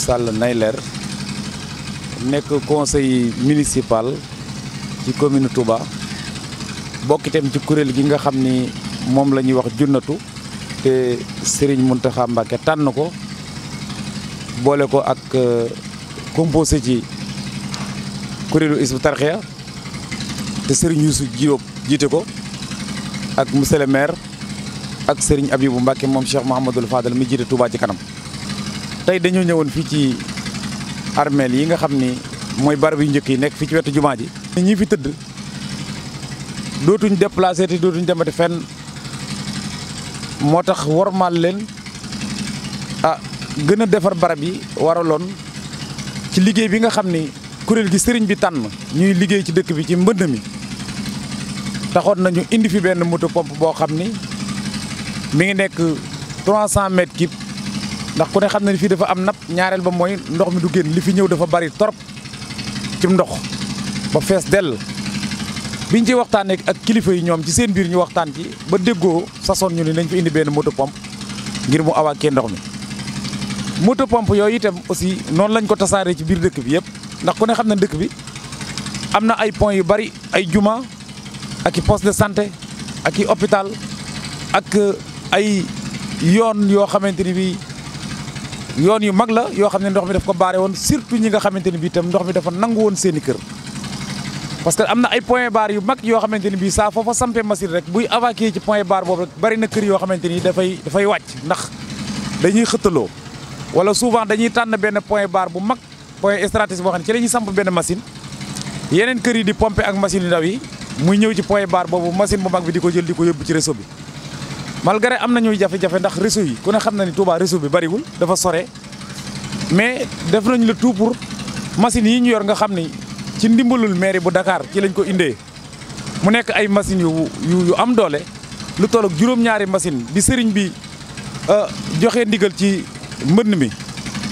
sàll nay leer nekk conseil municipal ci commune Touba bokk itam ci kuréel gi nga xam ni moom la ñuy wax junnatu te Serigne Mountakha Mbacké tànn ko boole ko ak euh, composé ci kuréelu Hizbut Tarqiyyah te Serigne Youssou Diop jiite ko ak monsieur le maire ak Serigne Abibou Mbacke moom Cheikh Mouhamadul Fadal mi jiite Touba ci kanam tey dañoo ñëwoon fii ci armeel yi nga xam ni mooy barab yu njëkk yi nekk fii ci wetu jumaa ji. ñi fi tëdd dootuñ déplacé te dootuñ demati fenn moo tax wormaal leen ah gën a defar barab yi waraloon ci liggéey bi nga xam ni kuréel gi sëriñ bi tànn ñuy liggéey ci dëkk bi ci mbënd mi taxoon nañu indi fi benn moto pomp boo xam ni. mi ngi nekk 300 mètres kib ndax ku ne xam na ne fii dafa am napp ñaareel ba mooy ndox mi du génn li fi ñëw dafa bari torop ci ndox ba fees dell biñ ci waxtaanee ak kilifa yi ñoom ci seen biir ñu waxtaan ci ba déggoo sasoon ñu ni nañ fi indi benn moto pompe ngir mu awaakee ndox mi. moto pompe yooyu itam aussi noonu lañ ko tasaaree ci biir dëkk bi yëpp ndax ku ne xam ne dëkk bi am na ay points yu bari ay jumaa ak i poste de sante ak i hôpital ak. ay yoon yoo xamante ni bii yoon yu mag la yoo xam ne ndox mi dafa ko baare woon surtout ñi nga xamante ni bii itam ndox mi dafa nangu woon seeni i kër. parce que am na ay point barre yu mag yoo xamante ni bii saa foofa sampee machine rek buy évacuer ci point barre boobu rek bari na kër yoo xamante ni dafay dafay wàcc ndax dañuy xëttaloo wala souvent dañuy tànn benn point barre bu mag point stratégique boo xam ne ci la ñuy samp benn machine. yeneen kër yi di pomper ak machine yu ndaw yi muy ñëw ci point barre boobu machine bu mag bi di ko jël di ko yóbbu ci réseau bi. malgré am nañuy jafe-jafe ndax réseau yi ku ne xam na ni Touba réseau bi bariwul dafa sore mais def nañ le tout pour machines yi ñu yor nga xam ni ci ndimbalul mairie bu dakaar ci lañ ko indee mu nekk ay machines yu yu am doole lu toll ak juróom-ñaari machine bi sëriñ bi euh, joxe ndigal ci mbënn mi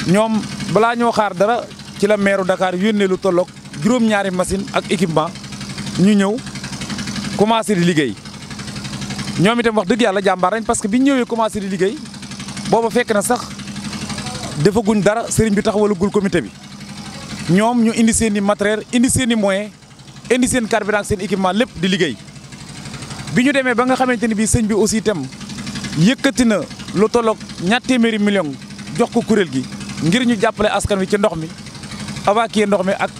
ñoom balaa ñoo xaar dara ci la maire Dakar yónnee lu tolloog juróom-ñaari machine ak équipement ñu ñëw commencé di liggéey ñoom itam wax dëgg yàlla jàmbaar nañ parce que bi ñëwee commencé di liggéey booba fekk na sax defaguñ dara sëriñ bi tax taxawalagul comité bi ñoom ñu indi seen i matériel indi seeni i moyen indi seen carburant seen équipement lépp di liggéey bi ñu demee ba nga xamante ni bii sëñ bi aussi itam yëkkati na lu tolloog ñaar million jox ko kuréel gi ngir ñu jàppale askan wi ci ndox mi évacuer ndox mi ak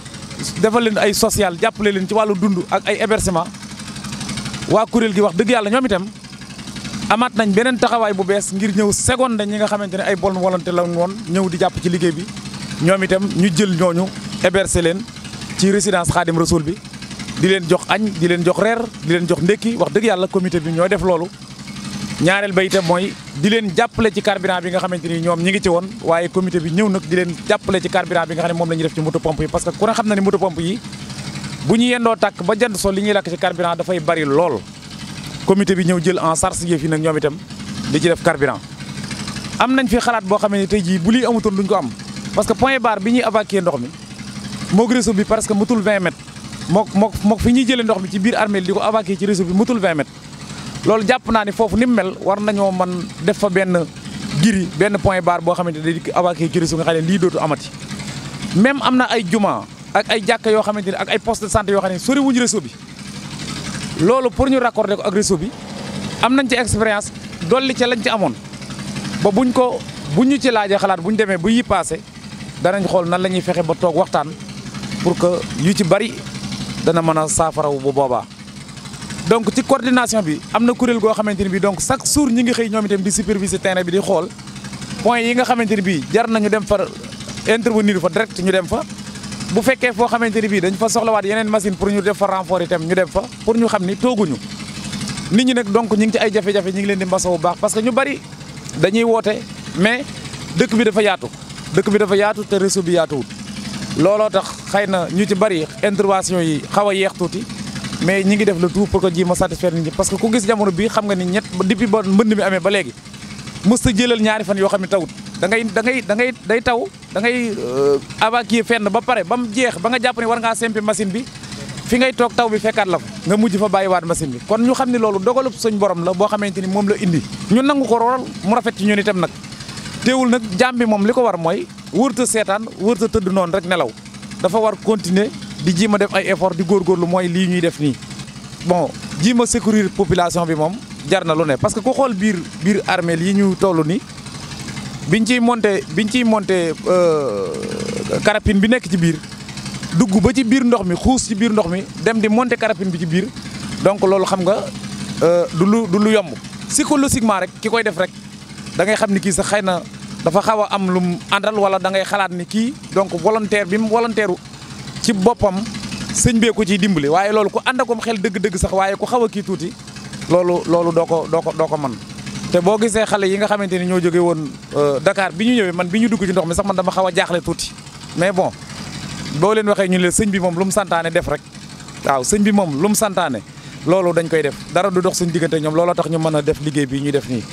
defal leen ay social jàppale leen ci wàllu dund ak ay hébergement waa kuréel gi wax dëgg yàlla ñoom itam amaat nañ beneen taxawaay bu bees ngir ñëw seconde ñi nga xamante ne ay bonne volonté la woon ñëw di jàpp ci liggéey bi ñoom itam ñu jël ñooñu héberger leen ci résidence Khadim Rasoul bi di leen jox añ di leen jox reer di leen jox ndékki wax dëgg yàlla comité bi ñooy def loolu ñaareel ba itam mooy di leen jàppale ci carburant bi nga xamante ni ñoom ñi ngi ci woon waaye comité bi ñëw nag di leen jàppale ci carburant bi nga xam ne moom la ñuy def ci bu ñu yendoo tàkk ba jant soo li ñuy lakk ci carburant dafay bari lool comité bi ñëw jël en charge yëf yi nag ñoom itam di ci def carburant am nañ fi xalaat boo xam ne tey jii bu lii amutoon duñ ko am parce que point barre bi ñuy évacuer ndox mi moog réseau bi parce que mutul 20 mètres mook mook mook fi ñuy jëlee ndox mi ci biir armée di ko évacuer ci réseau bi mutul 20 mètres loolu jàpp naa ni foofu ni mu mel war nañoo man def fa benn giri benn point barre boo xamante ne day évacuer ci réseau nga xam ne lii dootu amati même am na ay juma ak ay jàkka yoo xamante ne ak ay poste de santé yoo xam ne sori wuñu réseau bi loolu pour ñu raccorder ko ak réseau bi am nañ ci expérience dolli ca lañ ci amoon ba buñ ko buñ ñu ci laajee xalaat buñ demee bu yi passé danañ xool nan la ñuy fexe ba toog waxtaan pour que yu ci bari dana mën a saafarawu bu boobaa. donc ci coordination bi am na kuréel goo xamante ni bi donc chaque jour ñi ngi xëy ñoom itam di superviser terrain bi di xool point yi nga xamante ni bii jar nañu dem fa intervenir fa direct ñu dem fa. bu fekkee foo xamante ni bii dañ fa soxlawaat yeneen machine pour ñu def fa renfort itam ñu dem fa pour ñu xam ni tooguñu nit ñi nag donc ñi ngi ci ay jafe-jafe ñi ngi leen di mbasawu baax parce que ñu bari dañuy woote mais dëkk bi dafa yaatu dëkk bi dafa yaatu te réseau bi yaatuwul looloo tax xay na ñu ci bari intervention yi xaw a yeex tuuti mais ñi ngi def le tout pour que ji ma satisfaire nit ñi parce que ku gis jamono bii xam nga ni ñett depuis ba mi amee ba léegi mës ta jëlal ñaari yoo xam ne tawut da ngay da da ngay day taw da ngay évacuer euh, fenn ba pare ba mu jeex ba nga jàpp ne war ngaa sempi machine bi fi ngay toog taw bi fekkaat la fa nga mujj fa bàyyiwaat machine bi kon ñu xam ne loolu dogalub suñ borom la boo xamante ni moom la indi ñu nangu ko rool mu rafet ci ñun itam nag teewul nag jaam bi moom li ko war mooy wërta seetaan wërta tëdd noonu rek nelaw dafa war continuer di jiima def ay effort di góor góorgóorlu mooy lii ñuy def nii bon jiima sécuriser population bi moom jar na lu ne parce que xool biir biir armée yi ñu toll nii biñ ciy monté biñ ciy monté euh, carapine bi nekk ci biir dugg ba ci biir ndox mi xuus ci biir ndox mi dem di monté carapine bi ci biir donc loolu xam nga euh, du lu du lu yomb psychologiquement rek ki koy def rek da ngay xam ni kii sax xëy na dafa xaw a am lu mu àndal wala da ngay xalaat ni kii donc volontaire bi mu volontaire ci boppam sëñ bee ci ciy dimbali waaye loolu ku ànd akom xel dëgg-dëgg sax waaye ku xaw a kii tuuti loolu loolu doo ko doo ko doo ko mën te boo gisee xale yi nga xamante ni ñoo jóge woon euh, dakaar bi ñu ñëwee man bi ñu dugg ci ndox mi sax man dama xaw a jaaxle tuuti mais bon boo leen waxee ñu ne sëñ bi moom lu mu santaane def rek waaw sëñ bi moom lu mu santaane loolu dañ koy def dara du dox suñu diggante ñoom looloo tax ñu mën a def liggéey bi ñuy def nii.